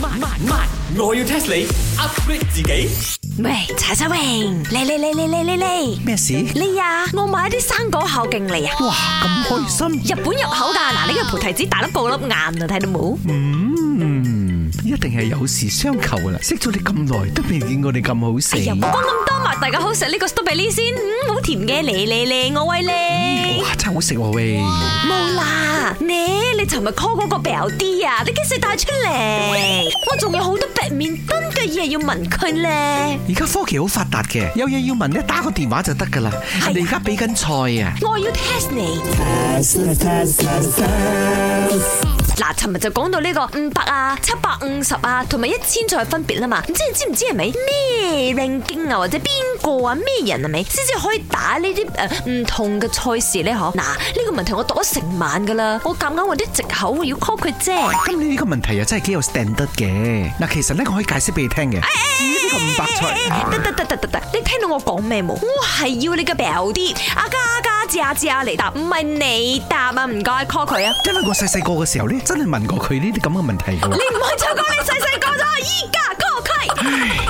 慢慢慢，我要 test 你 upgrade 自己。喂，柴生榮，嚟嚟嚟嚟嚟嚟嚟，咩事？你啊，我買啲生果孝敬你啊！哇，咁開心！日本入口噶，嗱，呢個菩提子大粒個粒眼啊，睇到冇？嗯，一定係有事相求啦。識咗你咁耐，都未見過你咁好食。大家好食呢個 s t r a w r y 先，嗯，好甜嘅，你你靚，我喂靚，哇，真好食喎喂。冇啦哇，你你琴日 call 嗰個表 i D 啊，你幾時帶出嚟？我仲有好多白面墩嘅嘢要問佢咧。而家科技好發達嘅，有嘢要問咧，打個電話就得噶啦。啊、你而家俾緊菜啊。我要 test 你。試試試試試試嗱，尋日就講到呢個五百啊、七百五十啊，同埋一千菜分別啦嘛，唔知你知唔知係咪咩令經啊，或者邊個啊，咩人啊，係咪先至可以打呢啲誒唔同嘅賽事咧？嗬，嗱，呢個問題我讀咗成晚噶啦，我夾硬揾啲藉口要 call 佢啫。咁呢個問題又真係幾有 stand 得嘅。嗱，其實咧，我可以解釋俾你聽嘅。至於呢個五百菜，啊、得得得得，得得，你聽到我講咩冇？我係要你嘅表 o 阿、啊知啊知啊嚟答，唔係你答啊，唔該 call 佢啊。因為我細細個嘅時候咧，真係問過佢呢啲咁嘅問題嘅。你唔好唱歌，你細細個都依家 call 佢。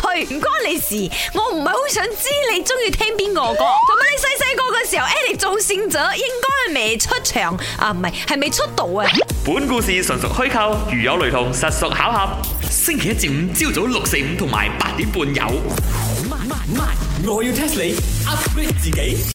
唔關你事，我唔係好想知你中意聽邊個歌。咁 啊，你細細個嘅時候 Ellie 做先者應該係未出場啊，唔係係未出道啊。本故事純屬虛構，如有雷同，實屬巧合。星期一至五朝早六四五同埋八點半有。Oh, my, my, my. 我要 test 你，upgrade 自己。